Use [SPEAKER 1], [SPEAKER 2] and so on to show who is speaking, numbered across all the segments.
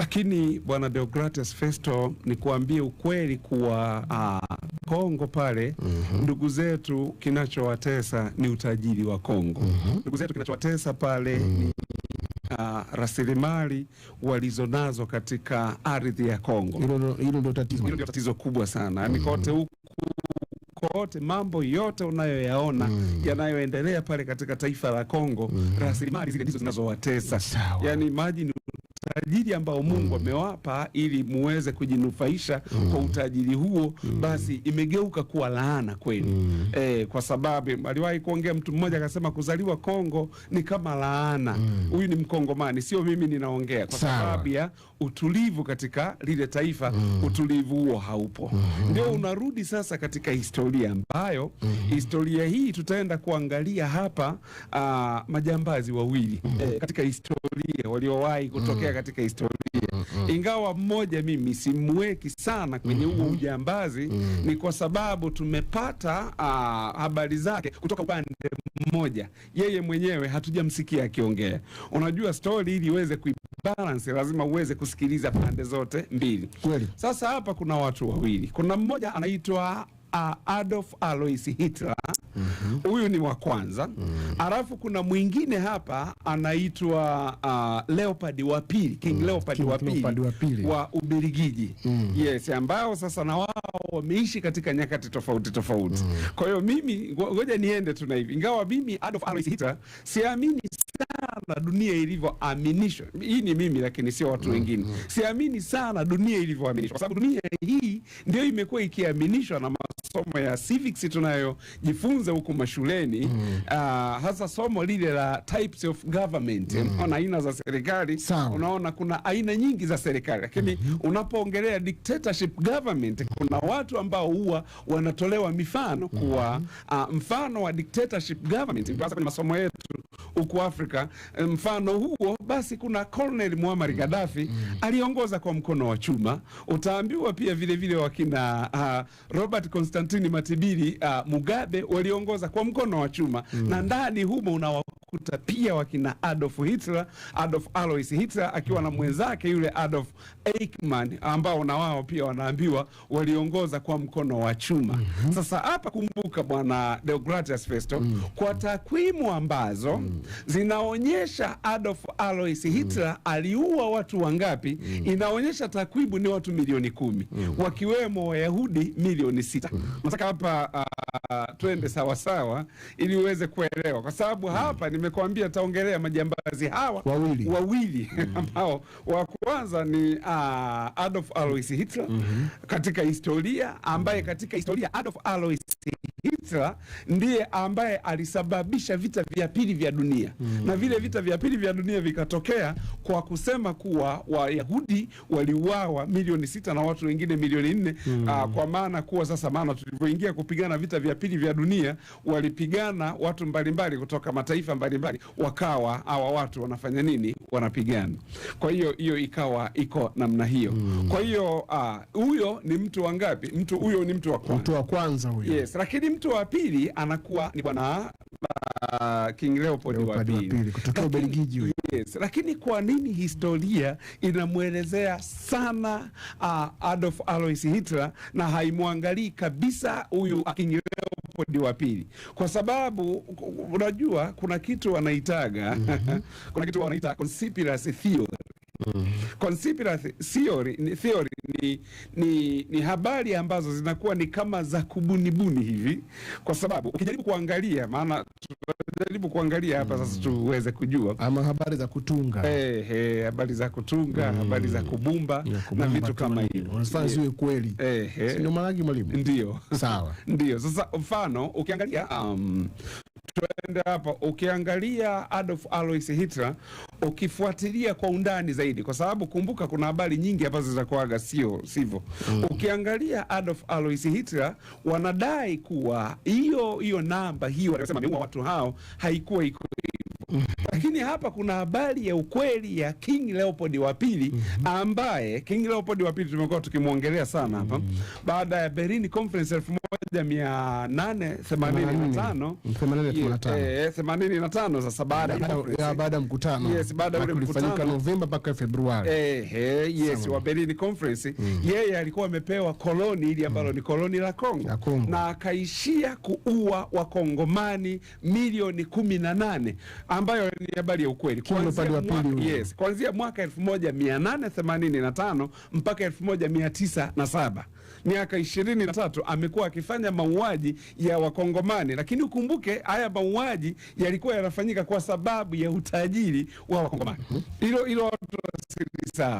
[SPEAKER 1] Lakini bwana Deogratius Festo, nikuambie ukweli kuwa ah, Kongo pale mm -hmm. ndugu zetu kinachowatesa ni utajiri wa Kongo mm -hmm. ndugu zetu kinachowatesa pale mm -hmm. ni Uh, rasilimali walizonazo katika ardhi ya Kongo.
[SPEAKER 2] Hilo ndio tatizo,
[SPEAKER 1] hilo ndio tatizo kubwa sana yani mm -hmm. kote huku kote mambo yote unayoyaona mm. yanayoendelea pale katika taifa la Kongo mm. rasilimali zile ndizo zinazowatesa. Yani maji ni utajiri ambao Mungu mm. amewapa mm. ili muweze kujinufaisha mm. kwa utajiri huo mm. basi imegeuka kuwa laana kwenu mm. E, kwa sababu aliwahi kuongea mtu mmoja akasema kuzaliwa Kongo ni kama laana. Mm. Huyu mm. ni Mkongomani, sio mimi ninaongea, kwa sababu ya utulivu katika lile taifa mm. utulivu huo haupo mm -hmm. Ndio unarudi sasa katika historia ambayo mm -hmm. historia hii tutaenda kuangalia hapa uh, majambazi wawili mm -hmm. e, katika historia waliowahi kutokea mm -hmm. katika katika historia mm -hmm. Ingawa mmoja mimi simweki sana kwenye huo mm -hmm. ujambazi mm -hmm. Ni kwa sababu tumepata uh, habari zake kutoka upande mmoja, yeye mwenyewe hatujamsikia akiongea. Unajua, stori ili iweze kuibalance lazima uweze kusikiliza pande zote mbili. Kweli. Sasa hapa kuna watu wawili, kuna mmoja anaitwa Adolf Alois Hitler huyu mm -hmm. ni wa kwanza mm -hmm. alafu kuna mwingine hapa anaitwa uh, Leopard wa pili King mm. -hmm. Leopard wa pili wa, wa Ubelgiji mm. yes, ambao sasa na wao wameishi katika nyakati tofauti tofauti mm. kwa hiyo mimi ngoja niende na hivi, ingawa mimi Adolf Alois Hitler siamini sana dunia ilivyoaminishwa. Hii ni mimi, lakini sio watu mm, wengine. Mm -hmm. Siamini sana dunia ilivyoaminishwa, kwa sababu dunia hii ndio imekuwa ikiaminishwa na masomo ya civics tunayojifunza huko mashuleni mm. Uh, hasa somo lile la types of government mm. Unaona aina za serikali Unaona kuna aina nyingi za serikali lakini mm -hmm. Unapoongelea dictatorship government kuna watu ambao huwa wanatolewa mifano kuwa mm -hmm. Uh, mfano wa dictatorship government mm -hmm. Kwa sababu masomo yetu huko Afrika. Mfano huo basi, kuna Colonel Muammar mm. Gaddafi mm. aliongoza kwa mkono wa chuma. Utaambiwa pia vile vile wakina uh, Robert Constantini matibili uh, ah, Mugabe waliongoza kwa mkono wa chuma mm. na ndani humo una unakuta pia wakina Adolf Hitler, Adolf Alois Hitler akiwa na mwenzake yule Adolf Eichmann, ambao na wao pia wanaambiwa waliongoza kwa mkono wa chuma. mm -hmm. Sasa hapa kumbuka, bwana Deogratias Festo, mm -hmm. kwa takwimu ambazo mm -hmm. zinaonyesha Adolf Alois mm. Hitler mm -hmm. aliua watu wangapi? mm -hmm. inaonyesha takwimu ni watu milioni kumi mm -hmm. wakiwemo Wayahudi milioni sita. mm -hmm. Nataka hapa uh, twende sawasawa ili uweze kuelewa kwa sababu mm -hmm. hapa ni nimekuambia taongelea majambazi hawa wawili, wawili mm -hmm. ambao wa kwanza ni uh, Adolf Alois Hitler mm -hmm. katika historia ambaye katika historia Adolf Alois Hitler ndiye ambaye alisababisha vita vya pili vya dunia mm. Na vile vita vya pili vya dunia vikatokea kwa kusema kuwa Wayahudi waliuawa milioni sita na watu wengine milioni nne mm. Uh, kwa maana kuwa sasa, maana tulivyoingia kupigana vita vya pili vya dunia walipigana watu mbalimbali kutoka mataifa mbalimbali mbali, wakawa hawa watu wanafanya nini? Wanapigana. Kwa hiyo hiyo ikawa iko namna hiyo mm. Kwa hiyo ah, huyo uh, ni mtu wangapi? Mtu huyo ni mtu wa kwanza, mtu wa kwanza huyo. Yes, lakini mtu wa pili anakuwa ni bwana uh, King Leopold wa pili kutoka Ubelgiji Yes, lakini kwa nini historia inamwelezea sana uh, Adolf Alois Hitler na haimwangalii kabisa huyu uh, King Leopold wa pili? Kwa sababu unajua kuna kitu wanaitaga mm -hmm. kuna kitu wanaita conspiracy theory Conspiracy theory, ni, theory ni, ni, ni habari ambazo zinakuwa ni kama za kubunibuni hivi, kwa sababu ukijaribu kuangalia, maana tunajaribu kuangalia hapa mm. Sasa tuweze kujua ama habari za kutunga hey, hey, habari za kutunga mm. habari za kubumba, kubumba na vitu kama hivyo unafanya siwe kweli hey, hey. Ndio maana mwalimu, ndio sawa, ndio sasa mfano ukiangalia um, hapa ukiangalia Adolf Alois Hitler ukifuatilia kwa undani zaidi, kwa sababu kumbuka, kuna habari nyingi ambazo zinakuaga sio sivyo. mm -hmm. Ukiangalia Adolf Alois Hitler wanadai kuwa hiyo hiyo namba hiyo, wanasema ameua watu hao haikuwa iko Mm-hmm. lakini hapa kuna habari ya ukweli ya King Leopold wa pili mm-hmm. ambaye King Leopold wa pili tumekuwa tukimwongelea sana hapa mm-hmm. baada ya Berlin Conference elfu moja mia nane themanini na tano themanini eh, eh, na tano sasa baada ya baada ya mkutano yes, baada ya ule Novemba mpaka Februari eh, eh yes, wa Berlin Conference mm. yeye alikuwa amepewa koloni ili ambalo mm. ni koloni la Kongo na akaishia kuua wakongomani milioni kumi na nane ambayo ni habari ya ukweli kuanzia mwaka, yes, kuanzia mwaka 1885 mpaka 1907 miaka 23 amekuwa akifanya mauaji ya Wakongomani, lakini ukumbuke haya mauaji yalikuwa yanafanyika kwa sababu ya utajiri wa Wakongomani. Mhm. Hilo hilo watu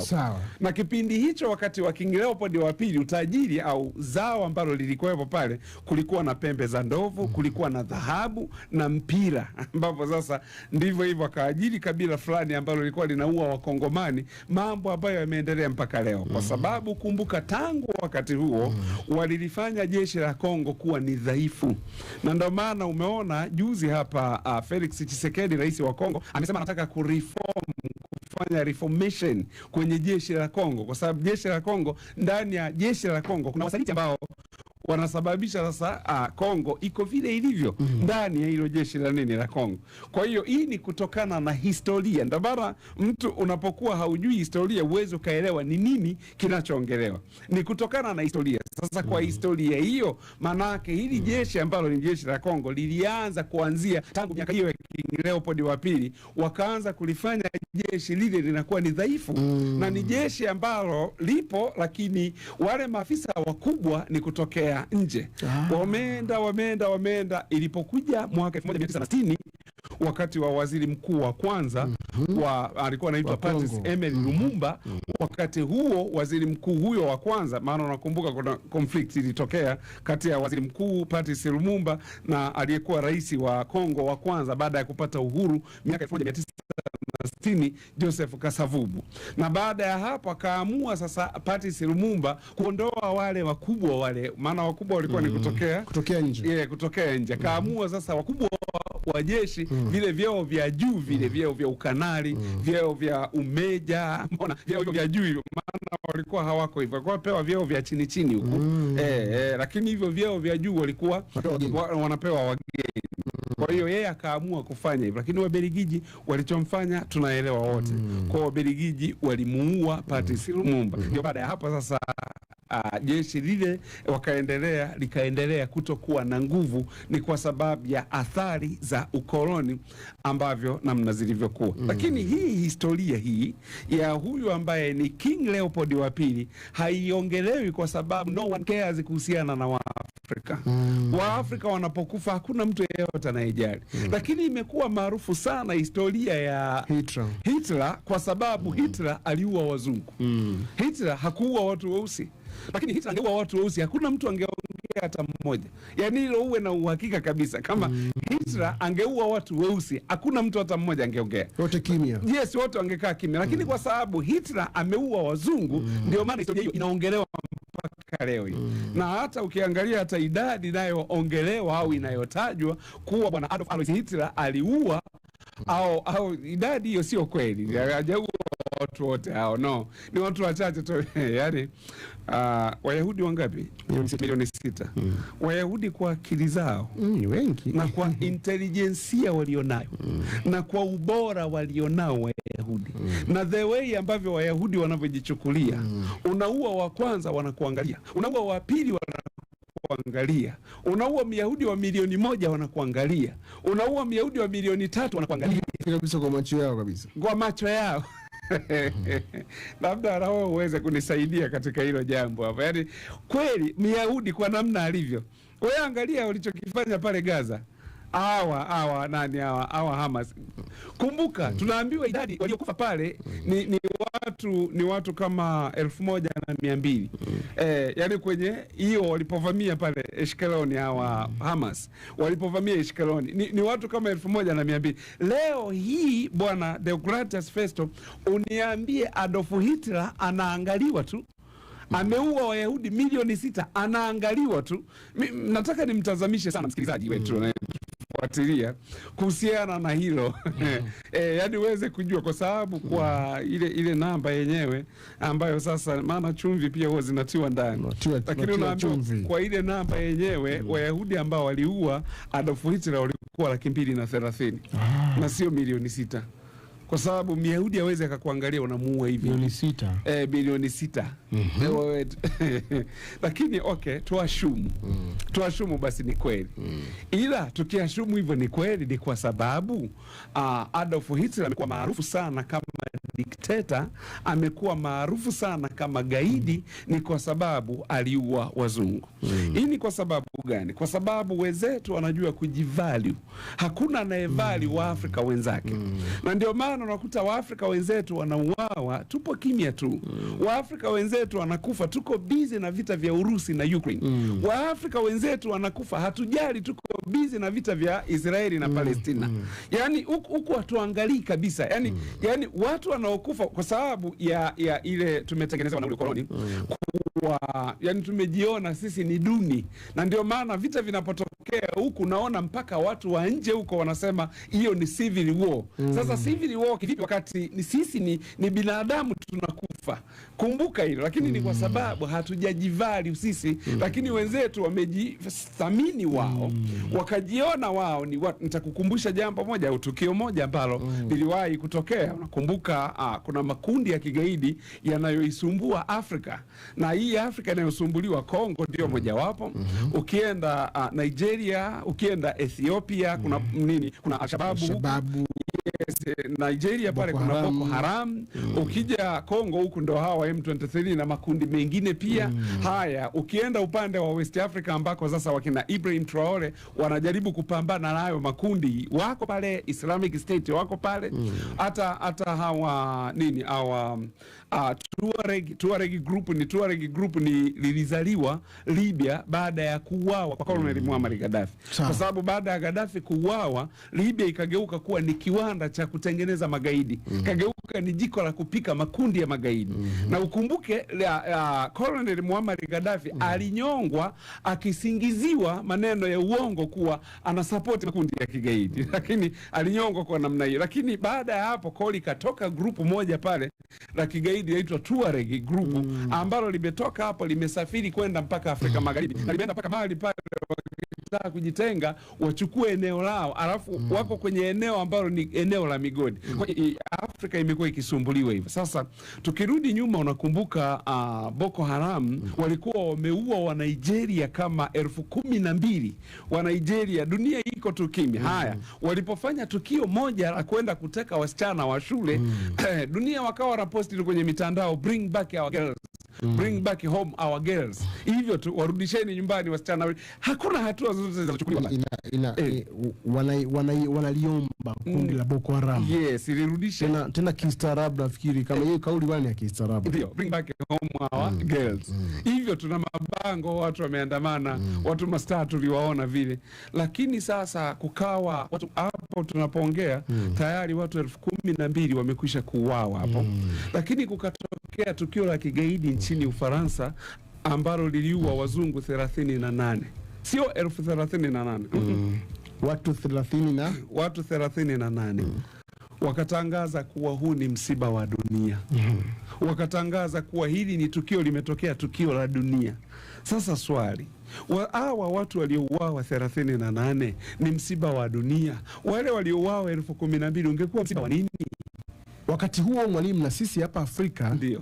[SPEAKER 1] Sawa. Na kipindi hicho wakati wa King Leopold wa pili, utajiri au zao ambalo lilikuwepo pale, kulikuwa na pembe za ndovu, mhm. kulikuwa na dhahabu na mpira ambapo sasa ndivyo hivyo, akaajiri kabila fulani ambalo lilikuwa linaua Wakongomani, mambo ambayo yameendelea mpaka leo, kwa mm. sababu kumbuka, tangu wakati huo mm. walilifanya jeshi la Kongo kuwa ni dhaifu, na ndio maana umeona juzi hapa uh, Felix Tshisekedi, rais wa Kongo, amesema anataka kureform kufanya reformation kwenye jeshi la Kongo, kwa sababu jeshi la Kongo, ndani ya jeshi la Kongo kuna wasaliti ambao wanasababisha sasa ah, Kongo iko vile ilivyo mhm. ndani mm -hmm. ya hilo jeshi la nini la Kongo. Kwa hiyo hii ni kutokana na historia, ndio mtu unapokuwa haujui historia uwezi ukaelewa ni nini kinachoongelewa, ni kutokana na historia. Sasa kwa mm -hmm. historia hiyo, maanake hili mhm. jeshi ambalo ni jeshi la Kongo lilianza kuanzia tangu miaka hiyo ya King Leopold wa pili, wakaanza kulifanya jeshi lile linakuwa ni dhaifu mm -hmm. na ni jeshi ambalo lipo, lakini wale maafisa wakubwa ni kutokea ya nje ah. Wameenda wameenda wameenda, ilipokuja mwaka 1960 wakati wa waziri mkuu wa kwanza mm. Hmm? wa alikuwa anaitwa Patrice Emery hmm. Lumumba hmm. wakati huo waziri mkuu huyo wa kwanza, maana unakumbuka kuna conflict ilitokea kati ya waziri mkuu Patrice Lumumba na aliyekuwa rais wa Kongo wa kwanza baada ya kupata uhuru miaka 1960 Joseph Kasavubu, na baada ya hapo akaamua sasa Patrice Lumumba kuondoa wale wakubwa wale, maana wakubwa walikuwa mm. ni hmm. kutokea kutokea nje, yeah, kutokea nje akaamua mm. sasa wakubwa wa jeshi mm. vile vyeo vya juu vile mm. vyeo vya ukanali mm. vyeo vya umeja, mbona vyeo vya juu hivyo, maana walikuwa hawako hivyo, walikuwa pewa vyeo vya chini chini huku mm. eh, eh, lakini hivyo vyeo vya juu walikuwa wa, wanapewa wageni mm. kwa hiyo yeye akaamua kufanya hivyo, lakini waberigiji walichomfanya tunaelewa wote mm. Kwa Wabeligiji walimuua Patrice Lumumba mm. Ndio baada ya hapo sasa uh, jeshi lile wakaendelea likaendelea kutokuwa na nguvu, ni kwa sababu ya athari za ukoloni ambavyo namna zilivyokuwa mm. Lakini hii historia hii ya huyu ambaye ni King Leopold wa pili haiongelewi kwa sababu no one cares kuhusiana na Waafrika mm. Waafrika wanapokufa hakuna mtu yeyote anayejali mm. Lakini imekuwa maarufu sana historia ya Hitler, Hitler kwa sababu mm. Hitler aliua wazungu mm. Hitler hakuua watu weusi lakini Hitler angeua watu weusi, hakuna mtu angeongea hata mmoja. Yani hilo uwe na uhakika kabisa, kama mm. Hitler angeua watu weusi, hakuna mtu hata mmoja angeongea, wote kimya. Yes, wote wangekaa kimya, lakini mm. kwa sababu Hitler ameua wazungu mm. ndio maana historia hiyo inaongelewa mpaka leo hii mm. na hata ukiangalia hata idadi inayoongelewa au inayotajwa kuwa bwana Adolf Hitler aliua mm. au, au idadi hiyo sio kweli, mm. hajaua watu wote hao, no, ni watu wachache tu yani. Uh, ah, Wayahudi wangapi? Milioni sita. Mm. Wayahudi kwa akili zao mm, wengi na kwa intelijensia walionayo mm. na kwa ubora walionao Wayahudi mm. na the way ambavyo Wayahudi wanavyojichukulia mm. unaua wa kwanza wanakuangalia, unaua wa pili wanakuangalia, unaua Myahudi wa milioni moja wanakuangalia, unaua Myahudi wa milioni tatu wanakuangalia kabisa, kwa macho yao kabisa, kwa macho yao labda na uweze kunisaidia katika hilo jambo hapa. Yaani kweli Myahudi kwa namna alivyo, wewe angalia walichokifanya pale Gaza Awa, awa, nani awa, awa Hamas. Kumbuka mm. tunaambiwa idadi waliokufa pale ni, ni watu ni watu kama elfu moja na mia mbili mm. Eh, yani kwenye hiyo walipovamia pale Eshkeloni hawa Hamas walipovamia Eshkeloni ni, ni watu kama elfu moja na mia mbili Leo hii bwana Deogratias Festo, uniambie Adolf Hitler anaangaliwa tu ameua Wayahudi milioni sita, anaangaliwa tu. Mi, nataka nimtazamishe sana msikilizaji wetu mm kufuatilia kuhusiana na hilo mm. e, yani uweze kujua kwa sababu kwa mm-hmm. ile ile namba yenyewe ambayo sasa, maana chumvi pia huwa zinatiwa ndani, lakini unaambiwa kwa ile namba yenyewe mm. Wayahudi ambao waliua Adolf Hitler walikuwa laki mbili na thelathini ah. na sio milioni sita kwa sababu Myahudi hawezi akakuangalia unamuua hivi bilioni sita, e, eh, bilioni sita. Mm -hmm. lakini okay, tuashumu mm. tuashumu basi ni kweli mm. ila tukiashumu hivyo ni kweli, ni kwa sababu uh, Adolf Hitler amekuwa maarufu sana kama dikteta, amekuwa maarufu sana kama gaidi mm. ni kwa sababu aliua wazungu mm. hii ni kwa sababu gani? Kwa sababu wezetu wanajua kujivalue, hakuna anayevalue mm. wa Afrika wenzake mm. na ndio maana mfano unakuta Waafrika wenzetu wanauawa, tupo kimya tu mm. Waafrika wenzetu wanakufa, tuko bizi na vita vya Urusi na Ukraine mm. Waafrika wenzetu wanakufa, hatujali, tuko bizi na vita vya Israeli na mm. Palestina mm. Yani huku hatuangalii kabisa yani, mm. yani watu wanaokufa kwa sababu ya, ya ile tumetengeneza na ukoloni mm. kuwa yani tumejiona sisi ni duni, na ndio maana vita vinapotoka yanayotokea huku, naona mpaka watu wa nje huko wanasema hiyo ni civil war. Mm. Sasa civil war kivipi, wakati ni sisi ni, ni binadamu tunakufa? Kumbuka hilo, lakini mm. ni kwa mm. sababu hatujajivali sisi mm. lakini wenzetu wamejithamini wao mm. wakajiona wao ni wa, nitakukumbusha jambo moja au tukio moja ambalo mm. liliwahi kutokea. Unakumbuka ah, kuna makundi ya kigaidi yanayoisumbua Afrika na hii Afrika inayosumbuliwa Kongo ndio mm. mojawapo mm -hmm. ukienda ah, Nigeria Nigeria, ukienda Ethiopia mm. kuna nini, kuna Alshababu, Alshababu. Yes, Nigeria pale kuna Boko Haram mm. ukija Kongo huku ndo hawa M23 na makundi mengine pia mm. haya. Ukienda upande wa West Africa ambako sasa wakina Ibrahim Traore wanajaribu kupambana nayo makundi, wako pale Islamic State wako pale mm. hata mm. hata hawa nini hawa uh, ah, Tuareg, Tuareg group ni Tuareg group ni lilizaliwa Libya baada ya kuuawa kwa Colonel mm. Muammar Gaddafi, kwa sababu baada ya Gaddafi kuuawa Libya ikageuka kuwa ni kiwanda cha kutengeneza magaidi mm. kageuka ni jiko la kupika makundi ya magaidi mm. na ukumbuke Colonel Muammar Gaddafi mm. alinyongwa akisingiziwa maneno ya uongo kuwa anasapoti makundi ya kigaidi mm. lakini alinyongwa kwa namna hiyo, lakini baada ya hapo koli katoka grupu moja pale la kigaidi kigaidi yaitwa Tuareg group mm. ambalo limetoka hapo limesafiri kwenda mpaka Afrika Magharibi na limeenda mpaka Mali pale kutaka kujitenga wachukue eneo lao, alafu mm. wako kwenye eneo ambalo ni eneo la migodi mm. Afrika imekuwa ikisumbuliwa hivyo. Sasa tukirudi nyuma, unakumbuka uh, Boko Haram mm. walikuwa wameua wa Nigeria kama elfu kumi na mbili wa Nigeria, dunia iko tu kimya. mm. Haya, walipofanya tukio moja la kwenda kuteka wasichana wa shule mm. dunia wakawa wanaposti kwenye mitandao bring back our girls mm. bring back home our girls, hivyo tu, warudisheni nyumbani wasichana. Hakuna hatua zozote zinachukuliwa, eh, eh wanaliomba wana, kundi mm. la Boko Haram yes, lirudishe tena, tena kistaarabu. Nafikiri kama hiyo eh, kauli wani ya kistaarabu, ndio bring back home our mm. girls hivyo mm. hivyo tuna mabango, watu wameandamana mm. watu mastaa tuliwaona vile, lakini sasa kukawa watu hapo tunapoongea mm. tayari watu elfu kumi na mbili wamekwisha kuuawa hapo mm. lakini kukatoka kutokea tukio la kigaidi nchini Ufaransa ambalo liliua wazungu 38 sio elfu 38 mm. watu 30 na watu 38 na mm. wakatangaza kuwa huu ni msiba wa dunia mm. wakatangaza kuwa hili ni tukio limetokea tukio la dunia. Sasa swali hawa watu waliouawa 38 na ni msiba wa dunia, wale waliouawa elfu kumi na mbili ungekuwa msiba wa nini? Wakati huo mwalimu, na sisi hapa Afrika ndio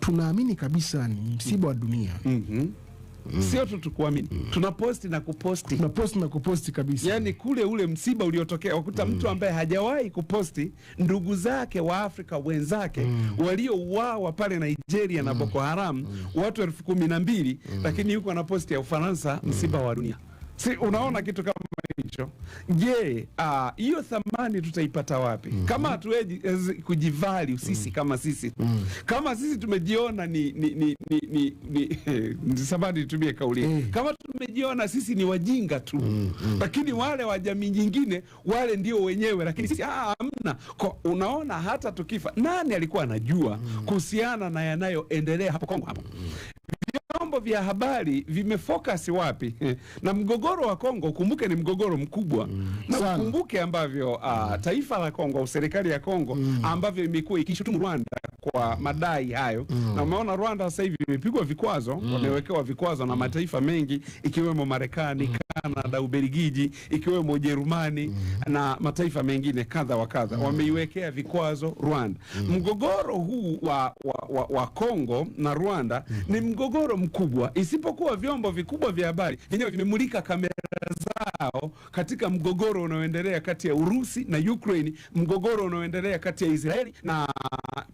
[SPEAKER 1] tunaamini kabisa ni msiba wa dunia mm -hmm. Mm. Sio tu tukuamini mm. tuna na kuposti, tuna na kuposti kabisa, yaani kule ule msiba uliotokea wakuta mm. mtu ambaye hajawahi kuposti ndugu zake wa Afrika wenzake mm. waliouawa pale Nigeria mm. na Boko Haram mm. watu elfu kumi na mbili mm. lakini yuko na posti ya Ufaransa, mm. msiba wa dunia. Si unaona kitu kama hicho. Je, ah, hiyo thamani tutaipata wapi? mm -hmm. kama hatuwezi eh, kujivali sisi mm -hmm. kama sisi mm -hmm. kama sisi tumejiona ni, ni, ni, ni, ni, ni nitumie kauli mm -hmm. kama tumejiona sisi ni wajinga tu mm -hmm. lakini wale wa jamii nyingine wale ndio wenyewe, lakini sisi ah, hamna. Unaona, hata tukifa nani alikuwa anajua mm -hmm. kuhusiana na yanayoendelea hapo Kongo hapo mm -hmm vyombo vya habari vimefocus wapi? na mgogoro wa Kongo, kumbuke ni mgogoro mkubwa mm. na kumbuke ambavyo uh, taifa la Kongo au serikali ya Kongo mm. ambavyo imekuwa ikishutumu Rwanda kwa madai hayo mm. na umeona Rwanda sasa hivi imepigwa vikwazo mm. wamewekewa vikwazo na mm. mataifa mengi ikiwemo Marekani mm. Kanada, Ubelgiji, ikiwemo Ujerumani mm. na mataifa mengine kadha wa kadha mm. wameiwekea vikwazo Rwanda mm. mgogoro huu wa, wa, wa, wa Kongo na Rwanda mm. ni mgogoro mkubwa, isipokuwa vyombo vikubwa vya habari vyenyewe vimemulika kamera zao katika mgogoro unaoendelea kati ya Urusi na Ukraine, mgogoro unaoendelea kati ya Israeli na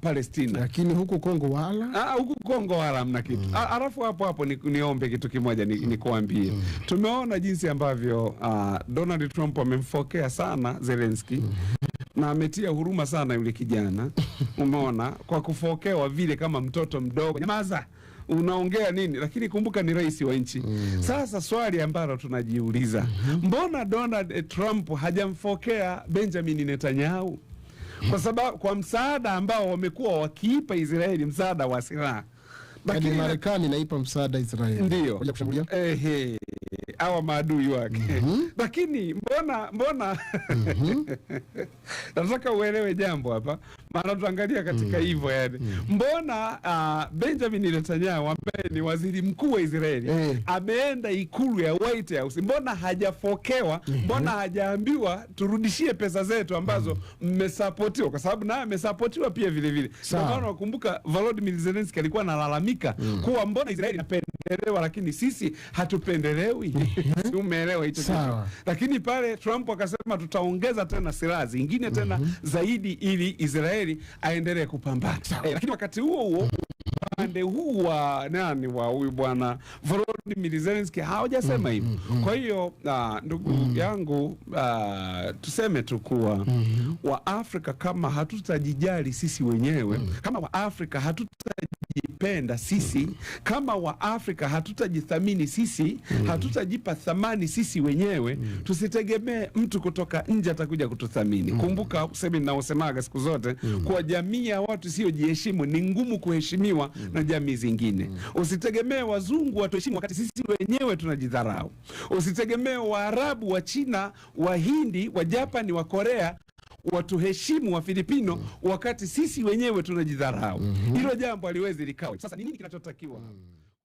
[SPEAKER 1] Palestina sina, lakini huku Kongo wala ah, ah, huku Kongo wala hamna kitu mm. Ah, alafu hapo hapo ni, niombe kitu kimoja nikuambie ni mm. Tumeona jinsi ambavyo uh, Donald Trump amemfokea sana Zelensky mm na ametia huruma sana yule kijana, umeona, kwa kufokewa vile kama mtoto mdogo. Nyamaza, unaongea nini? Lakini kumbuka ni rais wa nchi mm. Sasa swali ambalo tunajiuliza, mm -hmm. mbona Donald Trump hajamfokea Benjamin Netanyahu? kwa sababu kwa msaada ambao wamekuwa wakiipa Israeli, msaada wa silaha yaani lakini Marekani inaipa msaada Israeli ndio ehe, hawa maadui wake mm -hmm. Lakini mbona mbona mm -hmm. nataka uelewe jambo hapa maana tuangalia katika mm. hivyo yani mm. mbona uh, Benjamin Netanyahu ambaye ni waziri mkuu wa Israeli eh. ameenda ikulu ya White House, mbona hajafokewa? mm -hmm. mbona hajaambiwa turudishie pesa zetu ambazo mm. mmesapotiwa? mm. kwa sababu naye amesapotiwa pia vile vile. Kwa maana wakumbuka Volodymyr Zelensky alikuwa analalamika mm. kuwa mbona Israeli inapendelewa lakini sisi hatupendelewi. Eh. si umeelewa hicho kitu? Lakini pale Trump akasema tutaongeza tena silaha zingine tena mm -hmm. zaidi ili Israeli Israeli aendelee kupambana eh, lakini wakati huo huo upande huu wa nani wa huyu bwana Volodymyr Zelensky hawajasema mm, hivyo. mm, mm, mm. Kwa hiyo uh, ndugu mm. yangu uh, tuseme tu kuwa mm. mm. Waafrika kama hatutajijali sisi wenyewe mm. kama Waafrika hatuta kujipenda sisi mm -hmm. kama Afrika hatutajithamini sisi mm -hmm. hatutajipa thamani sisi wenyewe mm -hmm. tusitegemee mtu kutoka nje atakuja kututhamini. mm -hmm. Kumbuka usemi ninaosemaga siku zote mm -hmm. kwa jamii ya watu isiyojiheshimu ni ngumu kuheshimiwa mm -hmm. na jamii zingine mm -hmm. usitegemee wazungu watuheshimu wakati sisi wenyewe tunajidharau. Usitegemee Waarabu, wa China, Wahindi, wa Japani, wa Korea watuheshimu wa Filipino mm. wakati sisi wenyewe tunajidharau mhm. hilo mm -hmm. jambo aliwezi likawa. Sasa ni nini kinachotakiwa? mm.